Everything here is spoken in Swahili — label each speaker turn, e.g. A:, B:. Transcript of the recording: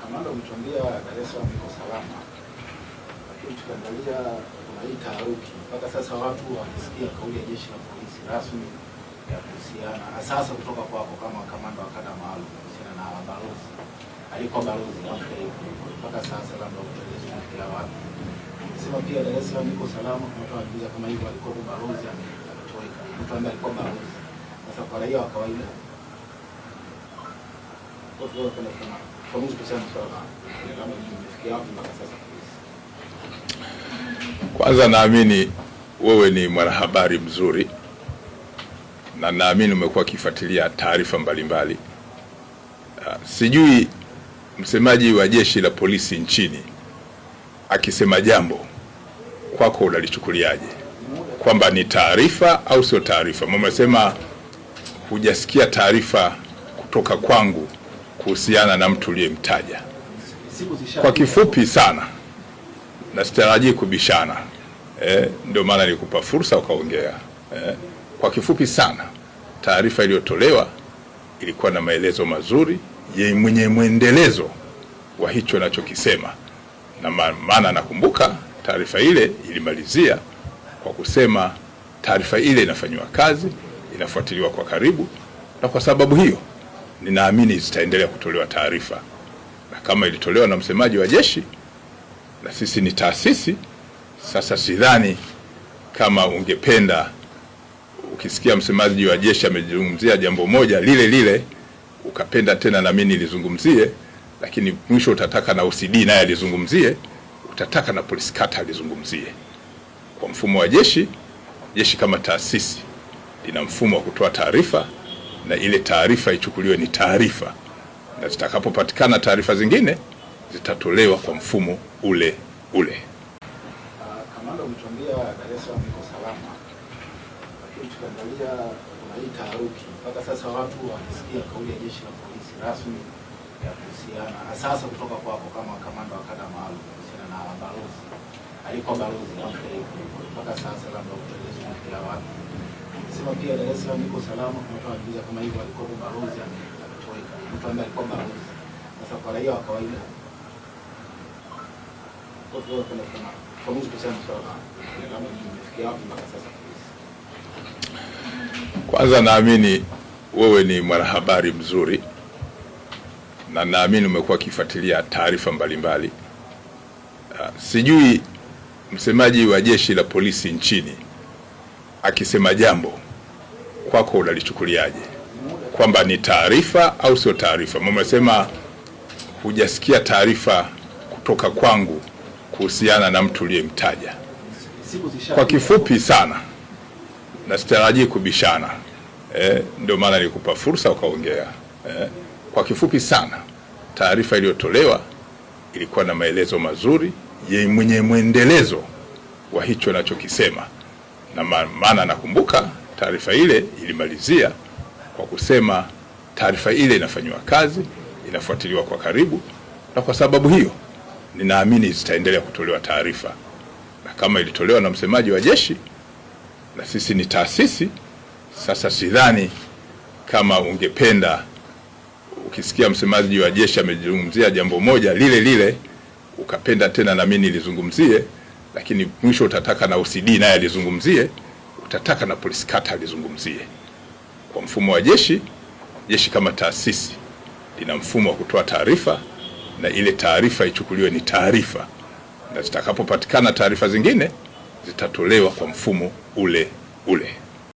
A: Kamanda, umetuambia Dar es Salaam iko salama, lakini tukiangalia kuna hii taharuki mpaka sasa, watu wakisikia kauli ya jeshi la polisi rasmi ya kuhusiana sasa kutoka kwako kama kamanda wa kada maalum kuhusiana na balozi alikuwa balozi mpaka sasa, labda utueleze wapi. Umesema pia Dar es Salaam iko salama, kumetoa kama hivyo alikuwa balozi ametoweka, mtu ambaye alikuwa balozi. Sasa kwa raia wa kawaida
B: kwanza naamini wewe ni mwanahabari mzuri na naamini umekuwa ukifuatilia taarifa mbalimbali. Ah, sijui msemaji wa jeshi la polisi nchini akisema jambo kwako unalichukuliaje? Kwamba ni taarifa au sio taarifa? Mama sema hujasikia taarifa kutoka kwangu kuhusiana na mtu uliyemtaja. Kwa kifupi sana, na sitarajii kubishana eh, ndio maana nilikupa fursa ukaongea eh. Kwa kifupi sana, taarifa iliyotolewa ilikuwa na maelezo mazuri mwenye mwendelezo wa hicho nachokisema, na maana nakumbuka taarifa ile ilimalizia kwa kusema taarifa ile inafanyiwa kazi, inafuatiliwa kwa karibu, na kwa sababu hiyo ninaamini zitaendelea kutolewa taarifa, na kama ilitolewa na msemaji wa jeshi na sisi ni taasisi. Sasa sidhani kama ungependa ukisikia msemaji wa jeshi amezungumzia jambo moja lile lile ukapenda tena mimi nilizungumzie, lakini mwisho utataka na OCD naye alizungumzie, utataka na polisi kata alizungumzie. Kwa mfumo wa jeshi, jeshi kama taasisi lina mfumo wa kutoa taarifa na ile taarifa ichukuliwe ni taarifa, na zitakapopatikana taarifa zingine zitatolewa kwa mfumo ule ule.
A: Kamanda, umetuambia salama, lakini tukiangalia taharuki mpaka sasa, watu wakisikia kauli ya jeshi la polisi rasmi ya kuhusiana, kutoka kwako kama kamanda wa maalum kuhusiana na balozi balozi na mpaka sasa, labda kila watu sema pia Dar es Salaam iko salama. Kuna kama hivyo, alikuwa balozi ametoweka, mtu ambaye alikuwa balozi. Sasa kwa raia wa kawaida kwa kuna kama kwa mtu kusema
B: kama wapi mpaka sasa. Kwanza naamini wewe ni mwanahabari mzuri na naamini umekuwa ukifuatilia taarifa mbalimbali. Uh, sijui msemaji wa jeshi la polisi nchini akisema jambo kwako unalichukuliaje? Kwamba ni taarifa au sio taarifa? Mama hujasikia taarifa kutoka kwangu kuhusiana na mtu uliyemtaja. Kwa kifupi sana, na sitarajii kubishana eh, ndio maana nilikupa fursa ukaongea eh. Kwa kifupi sana, taarifa iliyotolewa ilikuwa na maelezo mazuri mwenye mwendelezo wa hicho anachokisema, na maana nakumbuka taarifa ile ilimalizia kwa kusema taarifa ile inafanyiwa kazi, inafuatiliwa kwa karibu, na kwa sababu hiyo ninaamini zitaendelea kutolewa taarifa, na kama ilitolewa na msemaji wa jeshi na sisi ni taasisi. Sasa sidhani kama ungependa ukisikia msemaji wa jeshi amezungumzia jambo moja lile lile ukapenda tena na mimi nilizungumzie, lakini mwisho utataka na OCD naye alizungumzie, utataka na polisi kata alizungumzie. Kwa mfumo wa jeshi, jeshi kama taasisi lina mfumo wa kutoa taarifa na ile taarifa ichukuliwe ni taarifa, na zitakapopatikana taarifa zingine zitatolewa kwa mfumo ule ule.